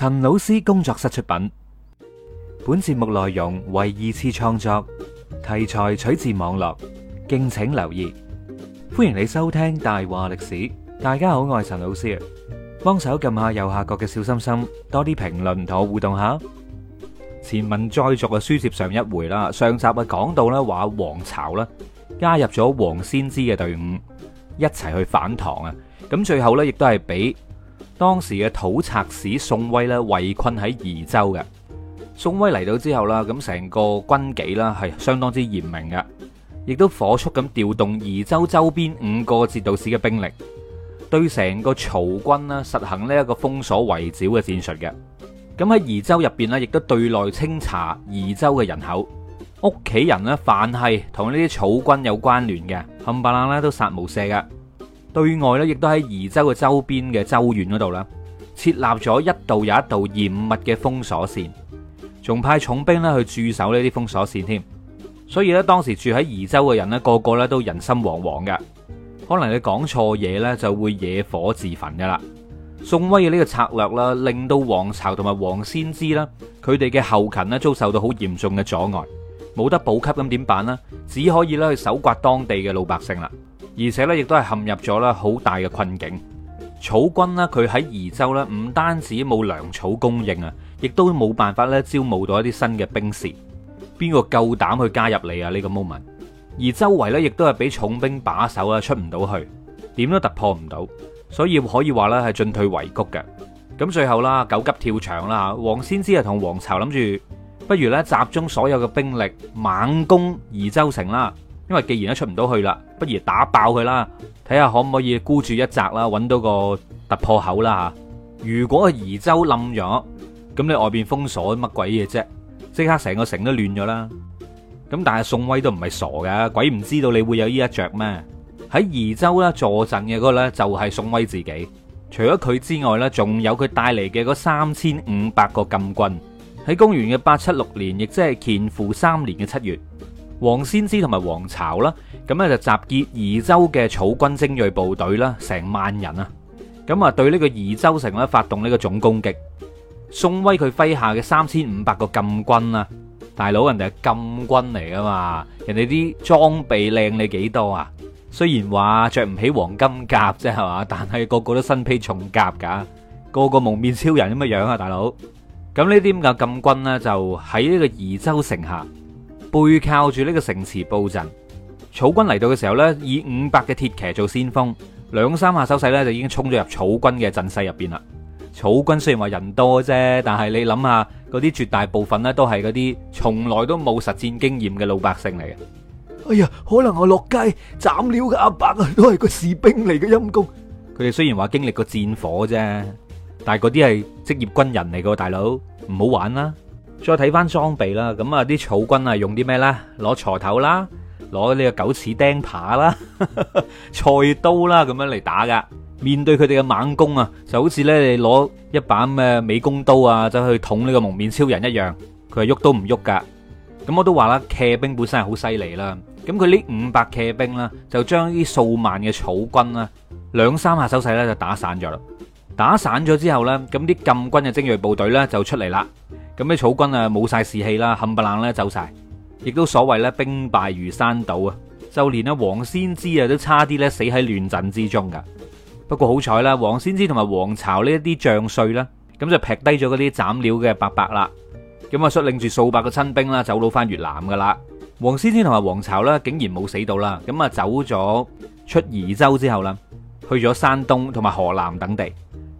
陳老師工作室出品，本節目內容為二次創作，題材取自網絡，敬請留意。歡迎你收聽《大話歷史》，大家好，我係陳老師啊，幫手撳下右下角嘅小心心，多啲評論同我互動下。前文再續嘅書接上一回啦，上集啊講到呢話黃巢啦加入咗王仙芝嘅隊伍，一齊去反唐啊，咁最後呢，亦都係俾，當時嘅討賊使宋威咧，圍困喺宜州嘅。宋威嚟到之後啦，咁成個軍紀啦係相當之嚴明嘅，亦都火速咁調動宜州周邊五個節度使嘅兵力，對成個曹軍啦實行呢一個封鎖圍剿嘅戰術嘅，咁喺宜州入邊咧，亦都對內清查宜州嘅人口，屋企人咧，凡係同呢啲曹軍有關聯嘅，冚唪唥咧都殺無赦噶。對外咧，亦都喺宜州嘅周邊嘅州縣嗰度啦，設立咗一道又一道嚴密嘅封鎖線，仲派重兵呢去駐守呢啲封鎖線添。所以咧，當時住喺宜州嘅人呢，個個咧都人心惶惶嘅。可能你講錯嘢呢，就會惹火自焚噶啦。宋威嘅呢個策略啦，令到黃巢同埋王仙芝啦，佢哋嘅後勤呢，遭受到好嚴重嘅阻礙，冇得補給咁點辦呢？只可以咧去搜刮當地嘅老百姓啦。而且咧，亦都係陷入咗咧好大嘅困境。草軍呢，佢喺宜州呢，唔單止冇糧草供應啊，亦都冇辦法咧招募到一啲新嘅兵士。邊個夠膽去加入你啊？呢個 moment。而周圍呢，亦都係俾重兵把守啦，出唔到去，點都突破唔到。所以可以話呢係進退維谷嘅。咁最後啦，狗急跳牆啦，王仙芝啊同黃巢諗住，不如呢集中所有嘅兵力猛攻宜州城啦。因為既然都出唔到去啦，不如打爆佢啦，睇下可唔可以孤注一擲啦，揾到個突破口啦吓。如果沂州冧咗，咁你外邊封鎖乜鬼嘢啫？即刻成個城都亂咗啦。咁但係宋威都唔係傻噶，鬼唔知道你會有呢一着咩？喺沂州啦坐鎮嘅嗰個呢，就係宋威自己，除咗佢之外呢，仲有佢帶嚟嘅嗰三千五百個禁軍。喺公元嘅八七六年，亦即係乾符三年嘅七月。王仙芝同埋黃巢啦，咁咧就集結宜州嘅草軍精銳部隊啦，成萬人啊，咁啊對呢個宜州城咧發動呢個總攻擊。宋威佢麾下嘅三千五百個禁軍啊，大佬人哋係禁軍嚟噶嘛，人哋啲裝備靚你幾多啊？雖然話着唔起黃金甲啫係嘛，但係個個都身披重甲噶，個個蒙面超人咁嘅樣啊，大佬。咁呢啲咁嘅禁軍呢，就喺呢個宜州城下，背靠住呢個城池布陣，草軍嚟到嘅時候呢，以五百嘅鐵騎做先鋒，兩三下手勢呢，就已經衝咗入草軍嘅陣勢入邊啦。草軍雖然話人多啫，但係你諗下嗰啲絕大部分呢，都係嗰啲從來都冇實戰經驗嘅老百姓嚟嘅。哎呀，可能我落街斬料嘅阿伯啊，都係個士兵嚟嘅陰公。佢哋雖然話經歷過戰火啫，但係嗰啲係職業軍人嚟嘅，大佬唔好玩啦。再睇翻裝備啦，咁啊啲草軍啊用啲咩咧？攞鋤頭啦，攞呢個九齒釘耙啦，菜刀啦，咁樣嚟打噶。面對佢哋嘅猛攻啊，就好似咧你攞一把咩美工刀啊，走去捅呢個蒙面超人一樣，佢係喐都唔喐噶。咁我都話啦，騎兵本身係好犀利啦。咁佢呢五百騎兵咧，就將呢數萬嘅草軍咧，兩三下手勢咧就打散咗啦。打散咗之後咧，咁啲禁軍嘅精鋭部隊咧就出嚟啦。咁啲草軍啊，冇晒士氣啦，冚唪唥咧走晒，亦都所謂咧兵敗如山倒啊！就連啊王仙芝啊都差啲咧死喺亂陣之中噶。不過好彩啦，王仙芝同埋黃巢呢一啲將帥啦，咁就劈低咗嗰啲斬料嘅伯伯啦，咁啊率領住數百個親兵啦，走佬翻越南噶啦。王仙芝同埋黃巢咧，竟然冇死到啦，咁啊走咗出沂州之後啦，去咗山東同埋河南等地，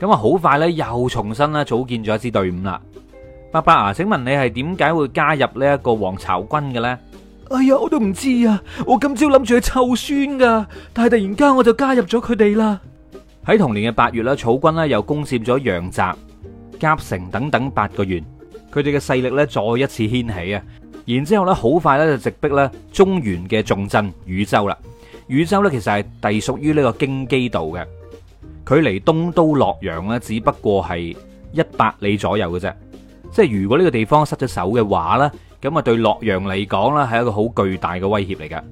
咁啊好快咧又重新啦組建咗一支隊伍啦。伯伯啊，請問你係點解會加入呢一個黃巢軍嘅呢？哎呀，我都唔知啊。我今朝諗住去湊孫噶，但係突然間我就加入咗佢哋啦。喺同年嘅八月啦，草軍咧又攻占咗陽翟、郟城等等八個縣，佢哋嘅勢力咧再一次掀起啊。然之後咧，好快咧就直逼咧中原嘅重鎮汝州啦。汝州咧其實係隸屬於呢個京畿道嘅，佢離東都洛陽呢，只不過係一百里左右嘅啫。即係如果呢個地方失咗手嘅話呢，咁啊對洛陽嚟講呢係一個好巨大嘅威脅嚟噶。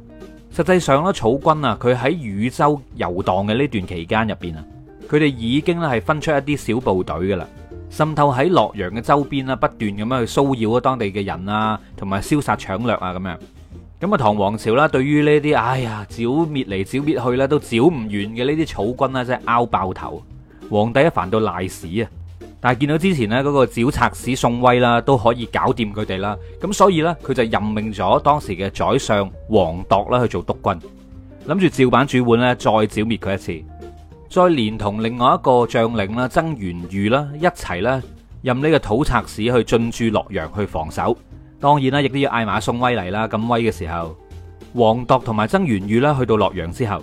實際上呢，草軍啊，佢喺汝州遊蕩嘅呢段期間入邊啊，佢哋已經咧係分出一啲小部隊噶啦，滲透喺洛陽嘅周邊啊，不斷咁樣去騷擾啊當地嘅人啊，同埋燒殺搶掠啊咁樣。咁啊，唐王朝啦，對於呢啲，哎呀，剿滅嚟剿滅去咧，都剿唔完嘅呢啲草軍啊，真係拗爆頭，皇帝一煩到賴屎啊！但係見到之前呢，嗰、那個剿賊使宋威啦，都可以搞掂佢哋啦，咁所以呢，佢就任命咗當時嘅宰相王鐸啦去做督軍，諗住照板煮碗咧再剿滅佢一次，再連同另外一個將領啦曾元裕啦一齊呢，任呢個討賊使去進駐洛陽去防守，當然啦亦都要嗌埋宋威嚟啦。咁威嘅時候，王鐸同埋曾元裕呢，去到洛陽之後，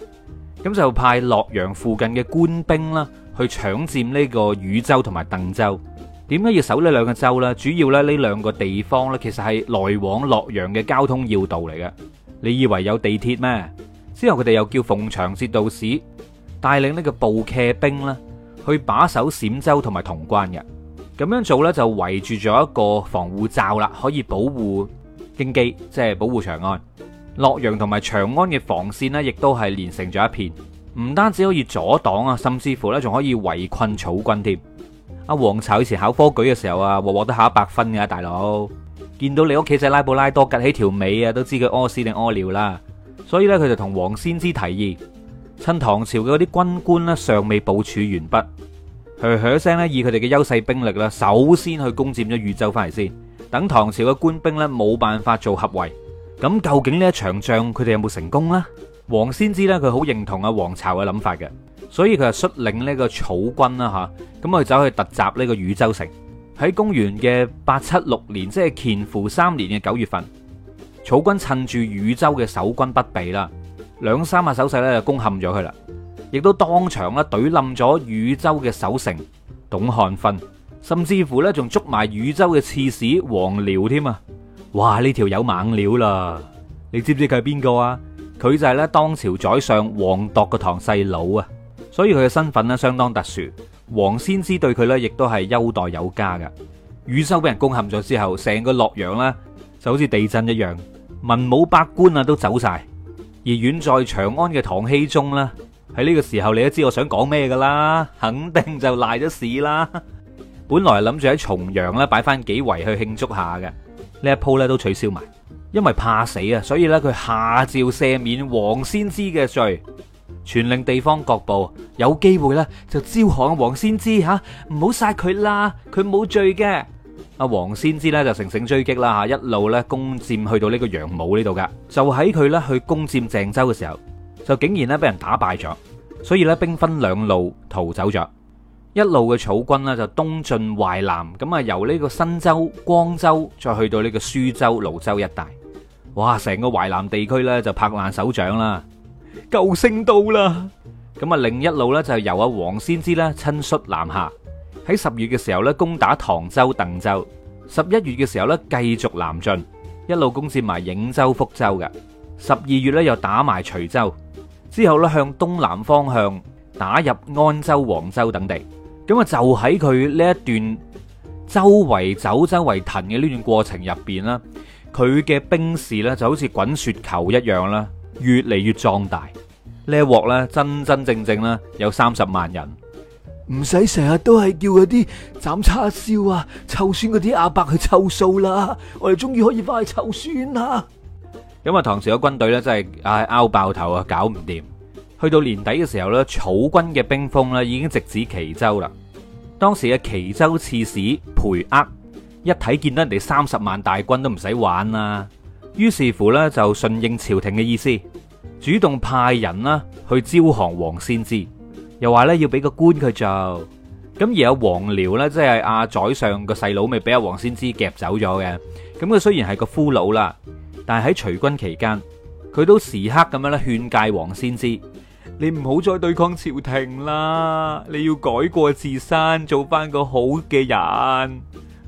咁就派洛陽附近嘅官兵啦。去搶佔呢個汝州同埋鄧州，點解要守呢兩個州呢？主要咧呢兩個地方呢，其實係來往洛陽嘅交通要道嚟嘅。你以為有地鐵咩？之後佢哋又叫鳳翔節度使帶領呢個步騎兵呢，去把守陜州同埋潼關嘅。咁樣做呢，就圍住咗一個防護罩啦，可以保護京畿，即係保護長安、洛陽同埋長安嘅防線呢，亦都係連成咗一片。唔單止可以阻擋啊，甚至乎咧仲可以圍困草軍添。阿黃巢以前考科舉嘅時候啊，鑊鑊都考一百分嘅，大佬見到你屋企隻拉布拉多趌起條尾啊，都知佢屙屎定屙尿啦。所以咧，佢就同王仙芝提議，趁唐朝嘅嗰啲軍官咧尚未部署完畢，噓噓聲咧以佢哋嘅優勢兵力咧，首先去攻佔咗豫州翻嚟先。等唐朝嘅官兵咧冇辦法做合圍，咁究竟呢一場仗佢哋有冇成功咧？王先知，咧，佢好認同阿黃巢嘅諗法嘅，所以佢係率領呢個草軍啦吓，咁啊走去突襲呢個汝州城。喺公元嘅八七六年，即係乾符三年嘅九月份，草軍趁住汝州嘅守軍不備啦，兩三下手勢咧就攻陷咗佢啦，亦都當場咧懟冧咗汝州嘅守城董漢勳，甚至乎咧仲捉埋汝州嘅刺史王僚添啊！哇，呢條友猛料啦！你知唔知佢係邊個啊？佢就係咧當朝宰相王鐸個堂細佬啊，所以佢嘅身份咧相當特殊。王先知對佢咧亦都係優待有加噶。汝州俾人攻陷咗之後，成個洛陽咧就好似地震一樣，文武百官啊都走晒。而遠在長安嘅唐僖宗啦，喺呢個時候你都知我想講咩噶啦，肯定就賴咗屎啦。本來諗住喺重陽咧擺翻幾圍去慶祝下嘅，呢一鋪咧都取消埋。因為怕死啊，所以咧佢下詔赦免王仙芝嘅罪，傳令地方各部有機會咧就招降王仙芝吓，唔好殺佢啦，佢冇罪嘅。阿王仙芝咧就乘勝追擊啦吓，一路咧攻占去到呢個楊武呢度噶，就喺佢咧去攻占鄭州嘅時候，就竟然咧俾人打敗咗，所以咧兵分兩路逃走咗，一路嘅草軍呢，就東進淮南，咁啊由呢個新州、光州再去到呢個舒州、廬州一帶。哇！成個淮南地區咧就拍爛手掌啦，救星到啦！咁啊，另一路咧就由阿黃先知咧親率南下，喺十月嘅時候咧攻打唐州鄧州，十一月嘅時候咧繼續南進，一路攻占埋潁州、福州嘅，十二月咧又打埋徐州，之後咧向東南方向打入安州、黃州等地。咁啊，就喺佢呢一段周圍走周圍騰嘅呢段過程入邊啦。佢嘅兵士咧就好似滾雪球一樣啦，越嚟越壯大。呢一鑊咧真真正正咧有三十萬人，唔使成日都係叫嗰啲斬叉燒啊、臭酸嗰啲阿伯去湊數啦，我哋終於可以翻去臭酸啦。因為唐朝嘅軍隊咧真係拗、啊、爆頭啊，搞唔掂。去到年底嘅時候咧，草軍嘅兵鋒咧已經直指岐州啦。當時嘅岐州刺史裴扼。裴扼一睇見到人哋三十萬大軍都唔使玩啦，於是乎呢就順應朝廷嘅意思，主動派人啦去招降王仙芝，又話呢要俾個官佢做。咁而有王鐐呢，即係阿宰相個細佬，咪俾阿王仙芝夾走咗嘅。咁佢雖然係個俘虜啦，但係喺隨軍期間，佢都時刻咁樣咧勸誡王仙芝：你唔好再對抗朝廷啦，你要改過自身，做翻個好嘅人。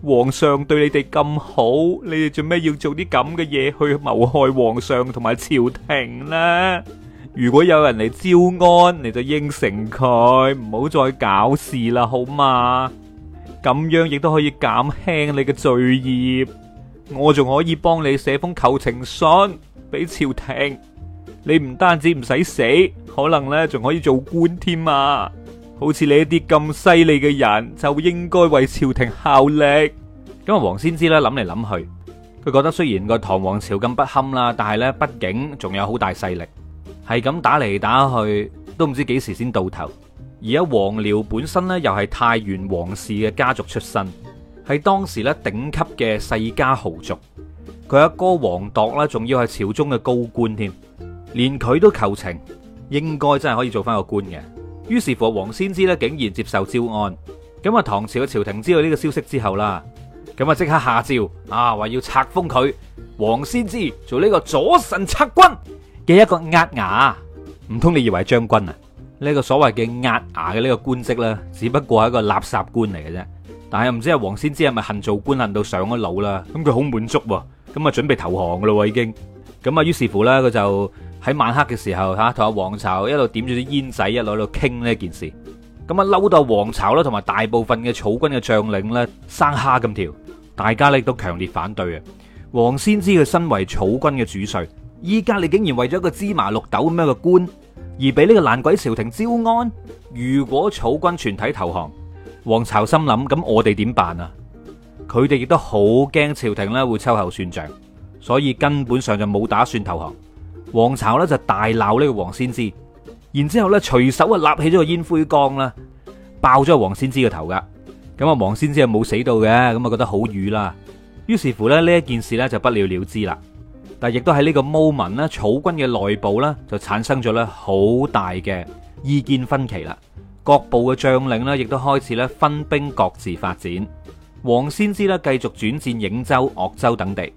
皇上對你哋咁好，你哋做咩要做啲咁嘅嘢去謀害皇上同埋朝廷呢？如果有人嚟招安，你就應承佢，唔好再搞事啦，好嘛？咁樣亦都可以減輕你嘅罪業，我仲可以幫你寫封求情信俾朝廷，你唔單止唔使死，可能呢仲可以做官添啊！好似你一啲咁犀利嘅人，就應該為朝廷效力。咁啊，王先知咧諗嚟諗去，佢覺得雖然個唐王朝咁不堪啦，但係咧畢竟仲有好大勢力，係咁打嚟打去都唔知幾時先到頭。而家王僚本身咧又係太原王氏嘅家族出身，係當時咧頂級嘅世家豪族。佢阿哥王鐸咧，仲要係朝中嘅高官添，連佢都求情，應該真係可以做翻個官嘅。於是乎，王仙芝咧竟然接受招安。咁啊，唐朝嘅朝，朝廷知道呢個消息之後啦，咁啊即刻下詔啊，話要冊封佢王仙芝做呢個左神策軍嘅一個押牙。唔通你以為將軍啊？呢、這個所謂嘅押牙嘅呢個官職咧，只不過係一個垃圾官嚟嘅啫。但係唔知阿王仙芝係咪恨做官恨到上咗腦啦？咁佢好滿足，咁啊準備投降噶咯已經。咁啊，於是乎咧，佢就。喺晚黑嘅時候吓，同阿黃巢一路點住啲煙仔，一路喺度傾呢件事。咁啊，嬲到阿黃巢啦，同埋大部分嘅草軍嘅將領咧，生蝦咁跳。大家咧都強烈反對啊！黃先知佢身為草軍嘅主帥，依家你竟然為咗一個芝麻綠豆咁樣嘅官，而俾呢個爛鬼朝廷招安。如果草軍全體投降，黃巢心諗，咁我哋點辦啊？佢哋亦都好驚朝廷咧會秋後算賬，所以根本上就冇打算投降。黃巢咧就大鬧呢個王仙芝，然之後咧隨手啊，立起咗個煙灰缸啦，爆咗個王仙芝個頭噶。咁啊王仙芝係冇死到嘅，咁啊覺得好瘀啦。於是乎咧呢一件事咧就不了了之啦。但亦都喺呢個 moment 咧草軍嘅內部啦，就產生咗咧好大嘅意見分歧啦。各部嘅將領呢，亦都開始咧分兵各自發展。王仙芝咧繼續轉戰潁州、鄂州等地。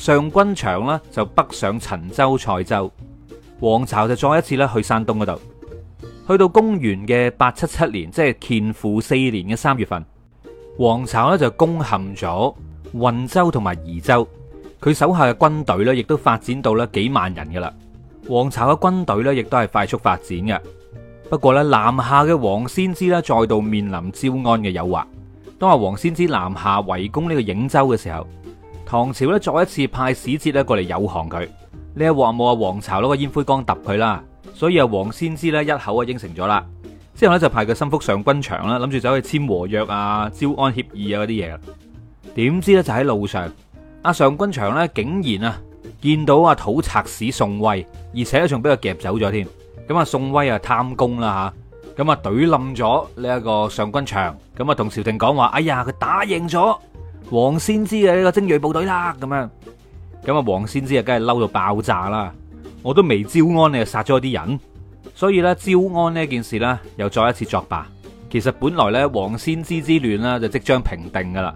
尚君長呢，就北上陳州、蔡州，黃巢就再一次咧去山東嗰度，去到公元嘅八七七年，即係乾符四年嘅三月份，黃巢呢，就攻陷咗鄆州同埋宜州，佢手下嘅軍隊呢，亦都發展到咧幾萬人噶啦，黃巢嘅軍隊呢，亦都係快速發展嘅。不過呢，南下嘅王仙芝呢，再度面臨招安嘅誘惑，當阿王仙芝南下圍攻呢個潁州嘅時候。唐朝咧再一次派使節咧過嚟誘降佢，呢就話冇阿黃巢攞個煙灰缸揼佢啦，所以阿黃先知咧一口啊應承咗啦，之後咧就派佢心腹尚君長啦，諗住走去簽和約啊、招安協議啊嗰啲嘢，點知咧就喺路上，阿尚君長咧竟然啊見到阿討賊使宋威，而且咧仲俾佢夾走咗添，咁阿宋威啊貪功啦吓，咁啊懟冧咗呢一個尚君長，咁啊同朝廷講話，哎呀佢打贏咗。王先知嘅呢個精銳部隊啦，咁樣，咁啊王先知啊梗係嬲到爆炸啦！我都未招安你就殺咗啲人，所以咧招安呢件事呢，又再一次作罷。其實本來咧王先知之亂呢，就即將平定噶啦，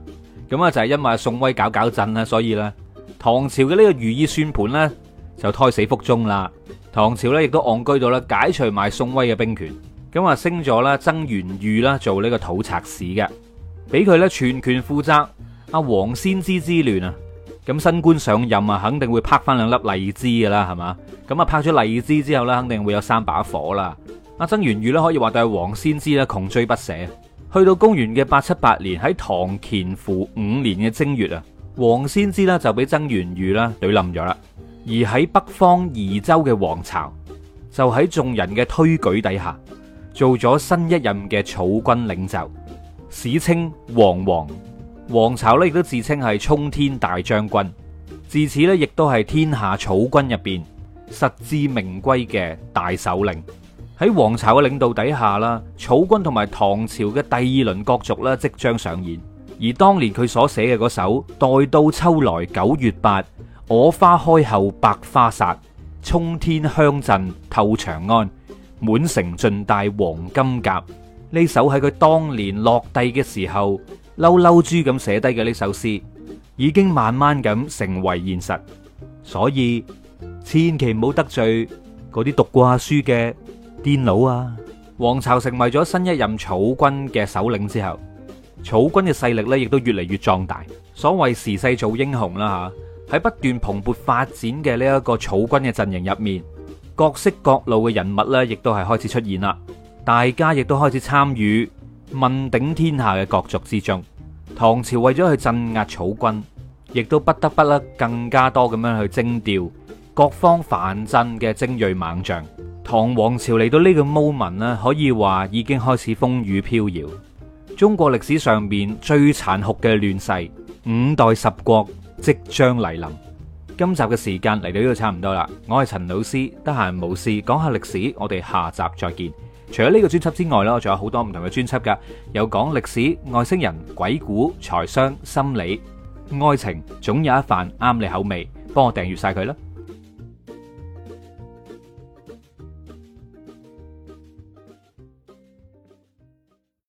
咁啊就係因為宋威搞搞震啦，所以咧唐朝嘅呢個如意算盤咧就胎死腹中啦。唐朝咧亦都戇居到啦，解除埋宋威嘅兵權，咁啊升咗啦，曾元裕啦做呢個土察使嘅，俾佢咧全權負責。阿王仙芝之亂啊，咁新官上任啊，肯定會拍翻兩粒荔枝噶啦，係嘛？咁啊拍咗荔枝之後呢，肯定會有三把火啦。阿曾元裕呢，可以話係王仙芝呢，窮追不捨，去到公元嘅八七八年喺唐乾符五年嘅正月啊，王仙芝呢，就俾曾元裕呢，懟冧咗啦，而喺北方宜州嘅黃巢就喺眾人嘅推舉底下做咗新一任嘅草軍領袖，史稱黃王，王。黃巢咧亦都自稱係衝天大將軍，自此咧亦都係天下草軍入面實至名歸嘅大首領。喺黃巢嘅領導底下啦，草軍同埋唐朝嘅第二輪角逐啦，即將上演。而當年佢所寫嘅嗰首《待到秋來九月八，我花開後百花殺，衝天香陣透長安，滿城盡帶黃金甲》，呢首喺佢當年落地嘅時候。嬲嬲豬咁寫低嘅呢首詩，已經慢慢咁成為現實，所以千祈唔好得罪嗰啲讀過、啊、書嘅電腦啊！黃巢成為咗新一任草軍嘅首領之後，草軍嘅勢力咧亦都越嚟越壯大。所謂時勢造英雄啦吓，喺不斷蓬勃發展嘅呢一個草軍嘅陣營入面，各式各路嘅人物咧亦都係開始出現啦，大家亦都開始參與。問鼎天下嘅角逐之中，唐朝為咗去鎮壓草軍，亦都不得不啦更加多咁樣去徵調各方藩鎮嘅精銳猛將。唐王朝嚟到呢個 moment 咧，可以話已經開始風雨飄搖。中國歷史上面最殘酷嘅亂世五代十國即將來臨。今集嘅時間嚟到呢度差唔多啦，我係陳老師，得閒冇事講下歷史，我哋下集再見。除咗呢個專輯之外咯，我仲有好多唔同嘅專輯噶，有講歷史、外星人、鬼故、財商、心理、愛情，總有一份啱你口味，幫我訂閱晒佢啦。